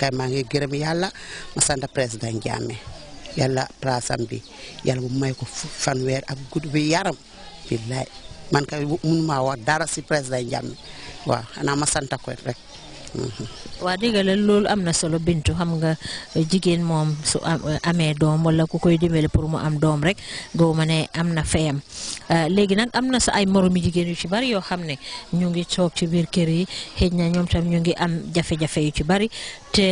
kay maa ngi gërëm yàlla ma sant président Jammeh yàlla palaasam bi yàlla bu may ko fanweer ak gudd bu yaram billaay man kay mënumaa wax dara si président Jammeh waaw xanaa ma sant ko rek Mm-hmm. wa digalel loolu am na solo binto xam nga eh, jigéen moom su eh, amee doom wala ku koy dimbale pour mu am doom rek goo ma ne am na feyam eh, léegi nag am na sa ay moromi jigéen yu ci bari yoo xam ne ñu ngi toog ci biir kër yi xëj na ñoom tam ñu ngi am jafe-jafe yu ci bari te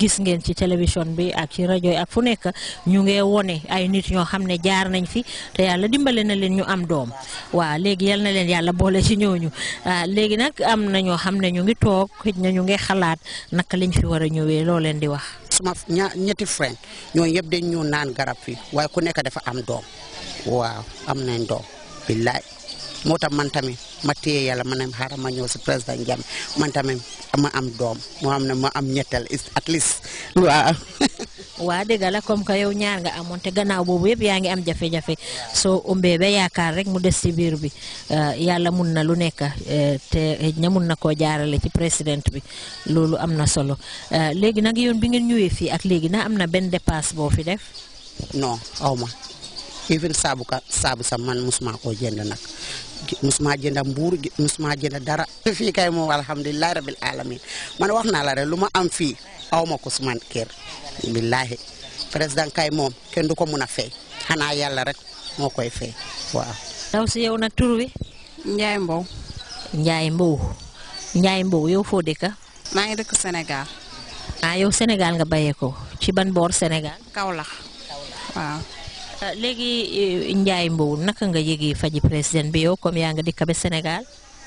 gis ngeen ci télévision bi ak ci rajo ak fu nekk ñu ngee wone ay nit ñoo xam ne jaar nañ fi te yàlla dimbale na leen ñu am doom waa léegi yal na leen yàlla boole ci ñooñu ah, léegi nag am na ñoo xam ne ñu ngi toog na ñu ngi xalaat naka lañ fi war a ñëwee loo leen di wax. suma ñetti friend ñoo yëpp dañ ñu naan garab fi waaye ku nekk dafa am doom waaw am nañ doom billaay moo tax man tamit ma téye yàlla ma ne xaaral ma ñëw si président Jammeh man tamit ma am doom moo am ne ma at least waaw. waa dëgg la comme que yow ñaar nga am te gannaaw boobu yëpp yaa ngi am jafe-jafe soo umbee ba yaakaar rek mu des ci biir bi euh, yàlla mun na lu nekk euh, te ña mun na koo jaarale ci président bi loolu am na solo euh, léegi nag yoon bi ngeen ñëwee fii ak léegi na am na benn dépasse boo fi def. non aw ma even saabu ka saabu sa man musuma koo jënd nag musuma jënd mbuur musuma jënd dara. fii kay moom alhamdulilah rabil alamin man wax naa la rek lu ma am fii. aw ma ko suma kër président kay moom kenn du ko mun a fay xanaa yàlla rek moo koy fay waaw. ndaw si yow nag tur wi. Ndiaye Mbow. Ndiaye Mbow. Ndiaye Mbow yow foo dëkk. maa ngi dëkk Sénégal. ah yow Sénégal nga bayee ko ci ban boor Sénégal. Kaolack waaw. Ah, léegi eh, Ndiaye Mbow naka nga yëgee faji président bi yow comme yaa nga dikk ba Sénégal.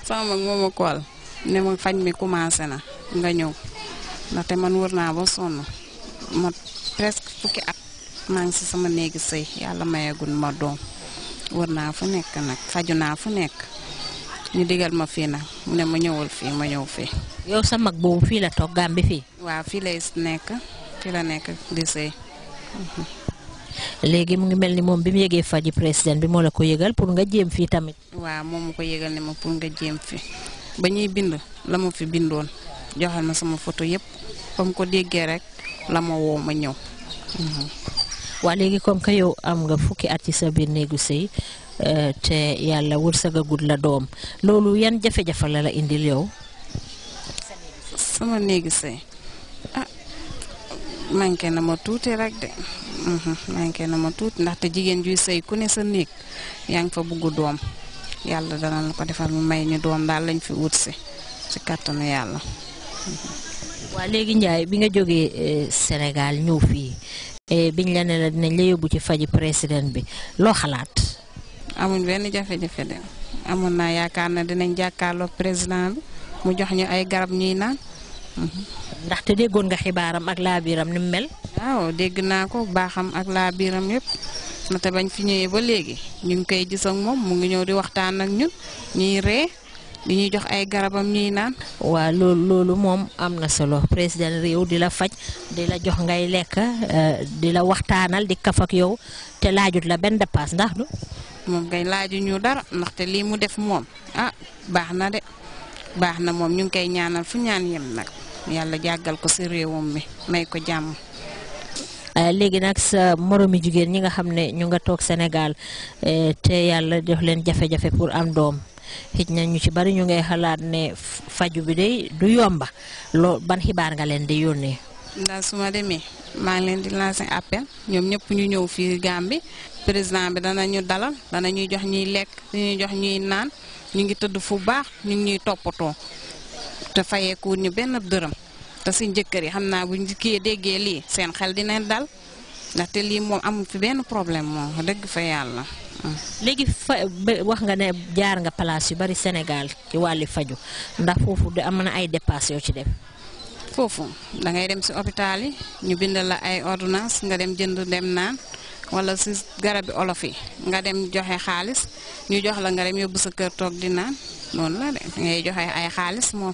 sama mag moo ma kool ne ma faj mi commencé na nga ñëw. ndaxte man wër naa ba sonn ma presque fukki at maa ngi si sama néegi sëy yàlla mayagul ma doom wër naa fu nekk nag faju naa fu nekk ñu digal ma fii nag mu ne ma ñëwal fii ma ñëw fii. yow sa mag boobu fii la toog Gàmbi fii. waaw fii la nekk fii la nekk di sëy. léegi mu ngi mel ni moom bi mu yëgee faji président bi moo la ko yëgal pour nga jéem fii tamit. waa moom mu ko yëgal ne ma pour nga jéem fii ba ñuy bind la mu fi bindoon. joxal ma sama photo yëpp kom ko déggee rek la ma woo ma ñëw. Mhm. waa léegi comme que yow am nga fukki at ci sa biir néegu sëy euh, te yàlla wërsëgagut la doom loolu yan jafe-jafe la la indil yow. sama néegu sëy ah manqué na ma tuuti rek de mhm, manqué na ma tuuti ndaxte jigéen juy sëy ku ne sa néeg yaa ngi fa bugg doom yàlla dana la ko defal mu may ñu doom daal lañ fi wut si ci kàttanu yàlla. waa léegi njaay bi nga jogee eh, Sénégal ñëw fii eh, biñ la ne la dinañ la yóbbu ci faji président bi loo xalaat. amuñ benn jafe-jafe de amoon naa yaakaar na dinañ jàkkaarloog président bi mu jox ñu ay garab ñuy naan. Mhm. ndaxte déggoon nga xibaaram ak laa biiram mu mel. waaw dégg naa ko baaxam ak laabiram yëpp na te bañ fi ñëwee ba léegi ñu ngi koy gis ak moom mu ngi ñëw di waxtaan ak ñun ñuy ree di ñuy jox ay garabam ñuy naan wa lolu lolu mom am solo president rew di la faj di la jox ngay lek euh, di la waxtaanal di kaf ak yow te lajut la ben dépasse ndax du mom ngay laju ñu dara ndaxte lii mu def mom ah baxna de baxna na ñu ngi ñaanal fu ñaan yem nak yalla jagal ko ci rewum mi may ko jamm euh, légi nak sa moromi jigen ñi nga xam ñu nga tok Sénégal euh, té yalla jox leen jafe-jafe pour am doom xëj na ñu ci bari ñu ngay xalaat ne faju bi day du yomba loo ban xibaar nga leen di yónnee. ndax su ma demee maa ngi leen di lancer appel ñoom ñëpp ñu ñëw fii Gambie président bi danañu dalal ñuy jox ñuy lekk dañuy jox ñuy naan ñu ngi tëdd fu baax ñu ngi ñuy toppatoo te fayeeku ñu benn dërëm te suñ njëkkër yi xam naa buñ kii déggee lii seen xel dinañ dal. ndaxte lii moom am fi benn problème moom dëgg fa yàlla. léegi fa wax nga ne jaar nga place yu bari Sénégal ci wàlli faju ndax foofu de am na ay dépasse yoo ci def. foofu da dem si hôpital yi ñu bind la ay ordonnance nga dem jënd dem naan wala si garabi olof yi nga dem joxe xaalis ñu jox la nga dem yóbbu sa kër toog di naan noonu la de ngay joxe ay xaalis moom.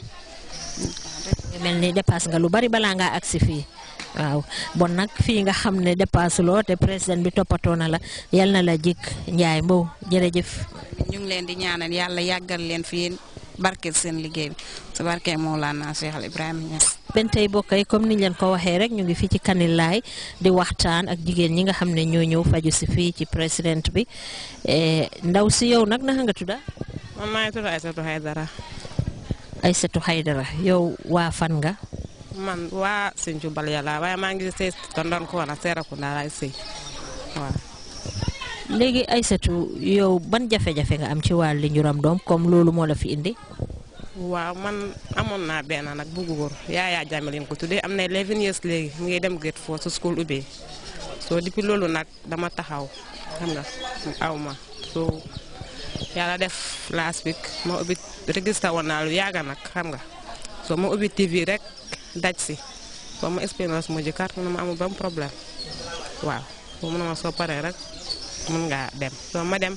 mel ni dépasse nga lu bari balaa nga agsi fii. waaw bon nag fii nga xam ne dépasse te président bi toppatoo na la yal na la jik njaay mbow jërëjëf ñu ngi leen di ñaanal yàlla yàggal leen fi yéen seen liggéey bi su barkee Mawlana naa Ibrahima Niass benn tey bokk yi comme niñ leen ko waxee rek ñu ngi fii ci Kanilaay di waxtaan ak jigéen ñi nga xam ne ñoo ñëw faju si fii ci président bi e, ndaw si yow nag naka nga tudda man maa ngi tudd Aysatu Haydara Aysatu Haydara yow waa nga man waa Sinthiou Balya laa waaye maa ngi sëy Dondonkoola Serekunda laay sëy waaw. léegi Aysatu yow ban jafe-jafe nga am ci wàllu njuram doom comme loolu moo la fi indi. waaw man amoon naa benn nag bu góor Yaya Jammeh leen ko tuddee am na 11 years léegi mu ngi dem Gate 4 su school ubbee soo depuis loolu nag dama taxaw xam nga aw ma soo yàlla def last week ma ubbi register woon naa lu nag xam nga soo ma ubbi TV rek daj si ba ma expérience ma jëkkaat mu ne ma amul benn problème waaw ba mu ne ma soo paree rek mën nga dem soo ma dem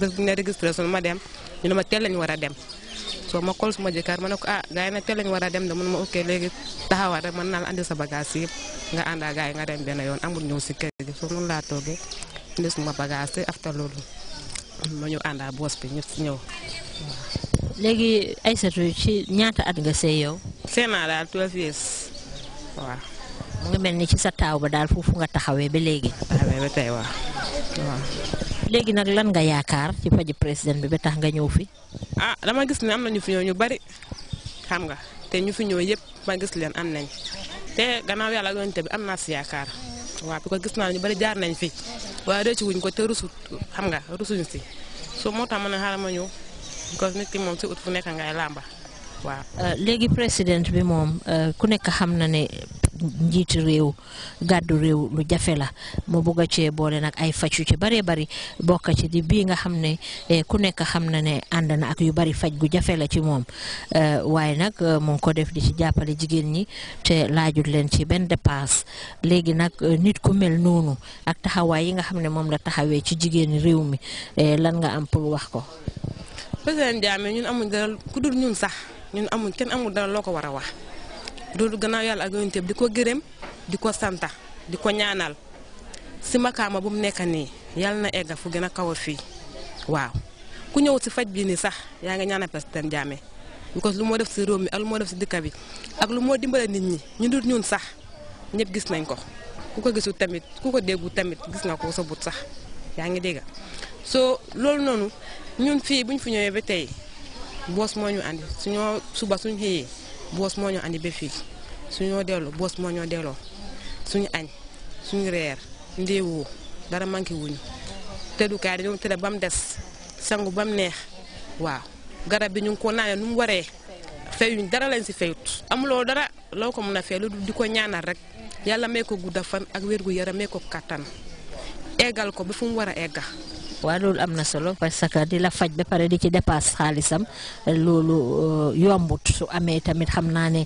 bés bu ne la registré su ma dem ñu ne ma teel lañ war a dem soo ma xool suma jëkkaat ma ne ko ah gars yi nag teel lañ war a dem de mën ma ok léegi taxawaat rek mën naa la andi sa bagage yëpp nga ànd ak yi nga dem benn yoon amul ñëw si kër gi gitu. soo noonu laa toogee indi suma bagage after loolu ma ñëw ànd ak boss bi ñu ñëw waaw léegi Aysatu ci ñaata at nga sëy yow. sëy naa daal 12 years waaw. mu mel ni ci sa taaw ba daal foofu nga taxawee ba léegi. taxawee ba tey léegi nag lan nga yaakaar ci faji président bi ba tax nga ñëw fi. ah dama gis ne am na ñu fi ñëw ñu bari xam nga te ñu fi ñëw yëpp ma gis leen am nañ te gannaaw yàlla yonent bi am naa si yaakaar waaw bi ko gis naa ñu bari jaar nañ fi waaye rëccu wuñ ko te rusut xam nga rusuñ si so moo tax ma ne xaaral ma ñëw. because nit ki moom si ut fu nekk ngay làmba waaw. Euh, léegi président bi moom euh, ku nekk xam na ne njiiti réew gàddu réew lu jafe la mu bugg a cee boole nag ay faj yu ci bëree bëri bokk ci di bii nga xam ne eh, ku nekk xam na ne ànd na ak yu bari faj gu jafe la ci moom euh, waaye nag mu ngi ko def di ci jàppale jigéen ñi te laajut leen ci benn dépense léegi nag nit ku mel noonu ak taxawaay yi nga xam ne moom la taxawee ci jigéen réew mi eh, lan nga am pour wax ko. président Diame ñun amuñ dara ku dul ñun sax ñun amuñ kenn amul dara loo ko war a wax du gannaaw yàlla a yonent bi di ko gërëm di ko santa di ko ñaanal si ma kaama bu mu nekk nii yàlla na egga fu gën a kaw a fii waaw ku ñëw si faj bii nii sax yaa ngi ñaanal président Diame because lu moo def si réew mi ak lu moo def si dëkk bi ak lu moo dimbale nit ñi ñu dul ñun sax ñëpp gis nañ ko ku ko gisul tamit ku ko déggul tamit gis nga ko sa but sax yaa ngi dégg soo loolu noonu ñun fii bu ñu fi ñëwee ba tey bos moo ñu andi suñoo suba suñ xëyee boos moo ñu andi be fii suñoo dellu boos moo ñoo delloo suñu añ suñu reer ndéewoo dara manqué wuñu tëddukaay dañoo tëdd ba mu des sangu ba mu neex waaw garab bi ñu ngi ko naanee nu mu waree feyuñ dara lañ si feyut amuloo dara loo ko mën a fey lu di ko ñaanal rek yàlla may ko gudda fan ak wér gu yaram may ko kattan eggal ko ba fu mu war a egga waa loolu am na solo parce que di la faj ba pare di ci dépasse xaalisam loolu euh, yombut su amee tamit xam naa ne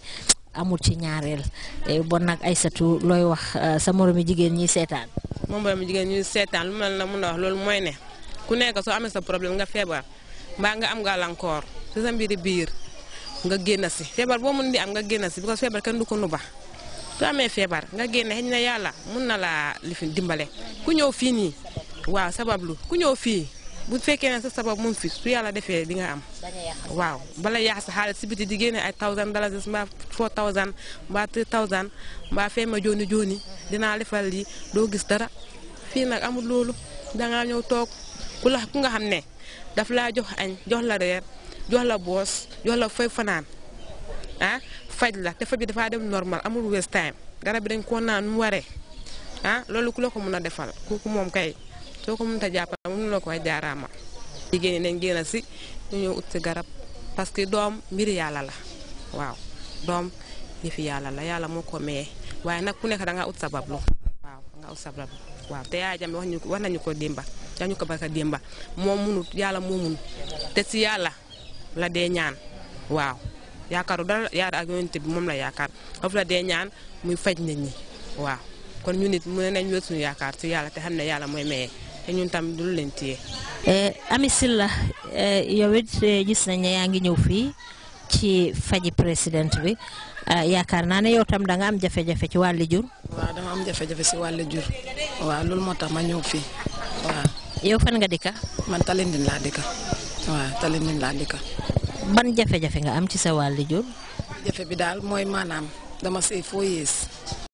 amul ci ñaareel eh, bon nag ay Aysatu looy wax euh, sa moromi jigéen ñi seetaan. moom moromi jigéen ñi seetaan lu mel na mun a wax loolu mooy ne ku nekk soo amee sa problème nga feebar mbaa nga am gàllankoor si sa mbiri biir nga génn si feebar boo mun di am nga génna si parce que feebar kenn du ko nuba soo amee feebar nga génn xëy na yàlla mun na laa lifin dimbale ku ñëw fii nii. waaw sabablu ku ñëw fii bu fekkee ne sa sabab mu fi su yàlla defee di nga am. waaw bala yàq sa xaalis si biti di génne ay 1000 dollars mbaa 4000 mbaa 3000 mbaa fee ma jooni jooni dinaa defal lii doo gis dara fii nag amul loolu dangaa ñëw toog ku la ku nga xam ne daf laa jox añ jox la reer jox la boos jox la fay fanaan ah faj la te faj bi dafaa dem normal amul waste time garab bi dañ ko naan mu waree ah loolu ku la ko a defal kooku kay. soo ko mënta jàppale mënu la ko wax jaaraama jigéen ñi génn si ñu ñëw ut si garab parce que doom mbir yàlla la waaw doom yëfi yàlla la yàlla moo ko mayee waaye nag ku nekk da ngaa ut sabab lu waaw nga ut sabab waaw te yaay jam wax ñu wax nañu ko démba dañu ko baka démba moo munut yàlla moo mun te si yàlla la dee ñaan waaw yaakaaru dara yaara ak yonent bi moom la yaakaar foofu la dee ñaan muy faj nit ñi waaw kon ñu nit mu ne nañ wér suñu yaakaar si yàlla te xam ne yàlla mooy maye. te ñun tam du leen téye. Eh, Ami Silla eh, yow it eh, gis nañ ne yaa ngi ñëw fii ci faji président bi yaakaar naa ne yow tam da nga am jafe-jafe ci wàllu jur. waaw dama am jafe si wàllu jur waaw loolu moo tax ma ñëw fii waaw. yow fan nga dikka. man Talinding laa dikka waaw Talinding laa dikka. ban jafe-jafe nga am ci sa wàllu jur. jafe bi daal mooy maanaam dama sëy foo yées